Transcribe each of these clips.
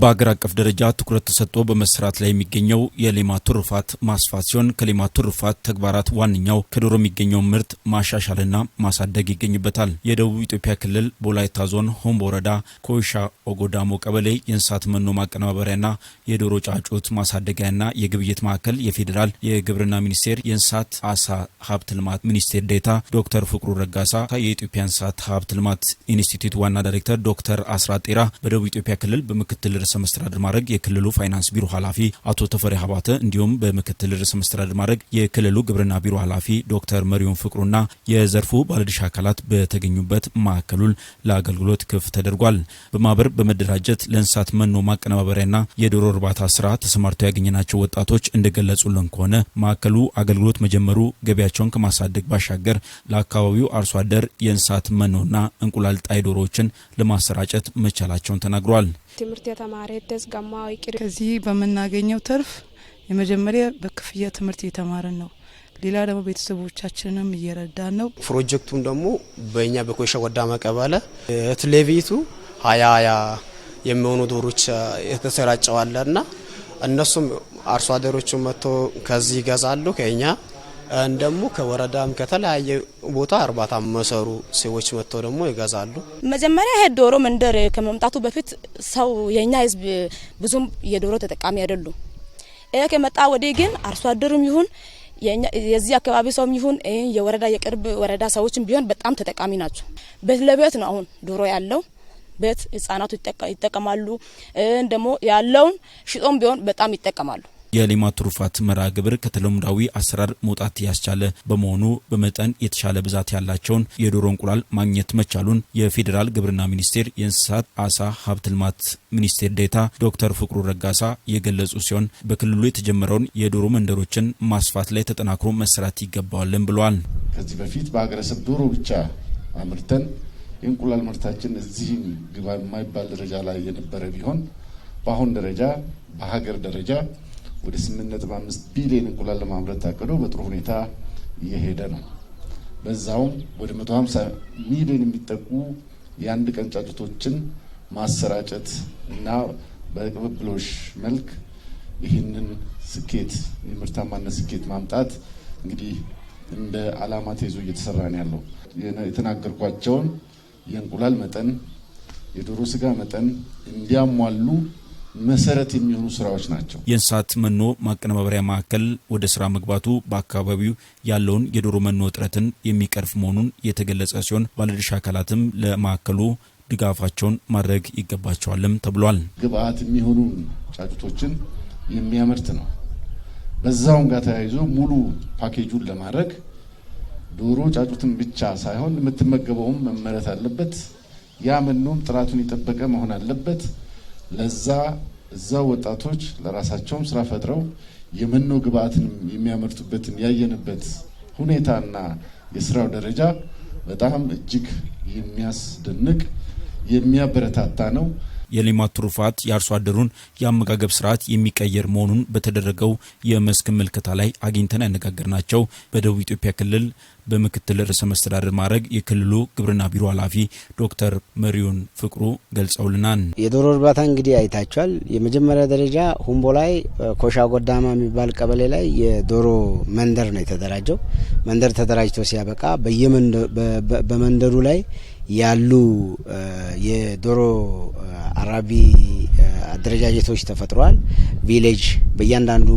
በአገር አቀፍ ደረጃ ትኩረት ተሰጥቶ በመስራት ላይ የሚገኘው የሌማት ትሩፋት ማስፋት ሲሆን ከሌማት ትሩፋት ተግባራት ዋነኛው ከዶሮ የሚገኘውን ምርት ማሻሻልና ማሳደግ ይገኝበታል። የደቡብ ኢትዮጵያ ክልል ቦላይታ ዞን ሆምቦ ወረዳ ኮይሻ ኦጎዳሞ ቀበሌ የእንስሳት መኖ ማቀነባበሪያና የዶሮ ጫጩት ማሳደጊያና የግብይት ማዕከል የፌዴራል የግብርና ሚኒስቴር የእንስሳት አሳ ሀብት ልማት ሚኒስቴር ዴታ ዶክተር ፍቅሩ ረጋሳ፣ የኢትዮጵያ እንስሳት ሀብት ልማት ኢንስቲትዩት ዋና ዳይሬክተር ዶክተር አስራት ጤራ በደቡብ ኢትዮጵያ ክልል በምክትል ርዕሰ መስተዳድር ማድረግ የክልሉ ፋይናንስ ቢሮ ኃላፊ አቶ ተፈሪ ሀባተ እንዲሁም በምክትል ርዕሰ መስተዳድር ማድረግ የክልሉ ግብርና ቢሮ ኃላፊ ዶክተር መሪውን ፍቅሩና የዘርፉ ባለድርሻ አካላት በተገኙበት ማዕከሉን ለአገልግሎት ክፍት ተደርጓል። በማህበር በመደራጀት ለእንስሳት መኖ ማቀነባበሪያና የዶሮ እርባታ ስራ ተሰማርተው ያገኘናቸው ወጣቶች እንደገለጹልን ከሆነ ማዕከሉ አገልግሎት መጀመሩ ገቢያቸውን ከማሳደግ ባሻገር ለአካባቢው አርሶ አደር የእንስሳት መኖና እንቁላል ጣይ ዶሮዎችን ለማሰራጨት መቻላቸውን ተናግሯል። ትምህርት የተማረ ደስ ገማ ይቅር ከዚህ በምናገኘው ትርፍ የመጀመሪያ በክፍያ ትምህርት እየተማርን ነው። ሌላ ደግሞ ቤተሰቦቻችንም እየረዳን ነው። ፕሮጀክቱም ደግሞ በእኛ በኮሸ ወዳ መቀበለ ትሌቤቱ ሀያ ሀያ የሚሆኑ ዶሮች ና እነሱም አርሶ አደሮቹ መጥቶ ከዚህ ይገዛሉ ከኛ ደግሞ ከወረዳም ከተለያየ ቦታ እርባታ መሰሩ ሰዎች መጥተው ደግሞ ይገዛሉ። መጀመሪያ ይሄ ዶሮ መንደር ከመምጣቱ በፊት ሰው የኛ ህዝብ ብዙም የዶሮ ተጠቃሚ አይደሉም። ይሄ ከመጣ ወዲህ ግን አርሶ አደሩም ይሁን የዚህ አካባቢ ሰውም ይሁን የወረዳ የቅርብ ወረዳ ሰዎችም ቢሆን በጣም ተጠቃሚ ናቸው። ቤት ለቤት ነው አሁን ዶሮ ያለው ቤት ህጻናቱ ይጠቀማሉ። ደግሞ ያለውን ሽጦም ቢሆን በጣም ይጠቀማሉ። የሌማት ትሩፋት መርሃ ግብር ከተለምዳዊ አሰራር መውጣት ያስቻለ በመሆኑ በመጠን የተሻለ ብዛት ያላቸውን የዶሮ እንቁላል ማግኘት መቻሉን የፌዴራል ግብርና ሚኒስቴር የእንስሳት አሳ ሀብት ልማት ሚኒስቴር ዴታ ዶክተር ፍቅሩ ረጋሳ የገለጹ ሲሆን በክልሉ የተጀመረውን የዶሮ መንደሮችን ማስፋት ላይ ተጠናክሮ መሰራት ይገባዋልን ብለዋል። ከዚህ በፊት በሀገረሰብ ዶሮ ብቻ አምርተን የእንቁላል ምርታችን እዚህም ግባ የማይባል ደረጃ ላይ የነበረ ቢሆን በአሁን ደረጃ በሀገር ደረጃ ወደ 8.5 ቢሊዮን እንቁላል ለማምረት ታቅዶ በጥሩ ሁኔታ እየሄደ ነው። በዛውም ወደ 150 ሚሊዮን የሚጠጉ የአንድ ቀን ጫጩቶችን ማሰራጨት እና በቅብብሎሽ መልክ ይህንን ስኬት የምርታማነት ስኬት ማምጣት እንግዲህ እንደ ዓላማ ተይዞ እየተሰራ ነው ያለው። የተናገርኳቸውን የእንቁላል መጠን፣ የዶሮ ስጋ መጠን እንዲያሟሉ መሰረት የሚሆኑ ስራዎች ናቸው። የእንስሳት መኖ ማቀነባበሪያ ማዕከል ወደ ስራ መግባቱ በአካባቢው ያለውን የዶሮ መኖ እጥረትን የሚቀርፍ መሆኑን የተገለጸ ሲሆን ባለድርሻ አካላትም ለማዕከሉ ድጋፋቸውን ማድረግ ይገባቸዋልም ተብሏል። ግብአት የሚሆኑ ጫጩቶችን የሚያመርት ነው። በዛውም ጋር ተያይዞ ሙሉ ፓኬጁን ለማድረግ ዶሮ ጫጩትን ብቻ ሳይሆን የምትመገበውም መመረት አለበት። ያ መኖም ጥራቱን የጠበቀ መሆን አለበት። ለዛ እዛ ወጣቶች ለራሳቸውም ስራ ፈጥረው የመኖ ግብአትን የሚያመርቱበትን ያየንበት ሁኔታና የስራው ደረጃ በጣም እጅግ የሚያስደንቅ የሚያበረታታ ነው። የሌማት ትሩፋት የአርሶ አደሩን የአመጋገብ ስርዓት የሚቀየር መሆኑን በተደረገው የመስክ ምልከታ ላይ አግኝተን ያነጋገርናቸው በደቡብ ኢትዮጵያ ክልል በምክትል ርዕሰ መስተዳደር ማድረግ የክልሉ ግብርና ቢሮ ኃላፊ ዶክተር መሪውን ፍቅሩ ገልጸውልናል። የዶሮ እርባታ እንግዲህ አይታችኋል። የመጀመሪያ ደረጃ ሁምቦ ላይ ኮሻ ጎዳማ የሚባል ቀበሌ ላይ የዶሮ መንደር ነው የተደራጀው። መንደር ተደራጅቶ ሲያበቃ በመንደሩ ላይ ያሉ የዶሮ አራቢ አደረጃጀቶች ተፈጥረዋል። ቪሌጅ በእያንዳንዱ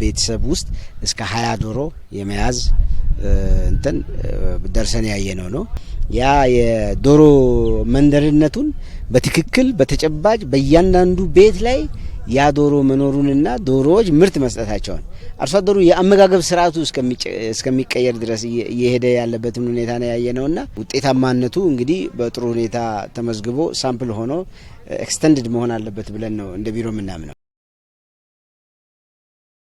ቤተሰብ ውስጥ እስከ ሀያ ዶሮ የመያዝ እንትን ደርሰን ያየነው ነው። ያ የዶሮ መንደርነቱን በትክክል በተጨባጭ በእያንዳንዱ ቤት ላይ ያ ዶሮ መኖሩንና ዶሮዎች ምርት መስጠታቸውን አርሶ አደሩ የአመጋገብ ስርዓቱ እስከሚቀየር ድረስ እየሄደ ያለበትን ሁኔታ ነው ያየ ነውና ውጤታማነቱ እንግዲህ በጥሩ ሁኔታ ተመዝግቦ ሳምፕል ሆኖ ኤክስተንድድ መሆን አለበት ብለን ነው እንደ ቢሮ የምናምነው።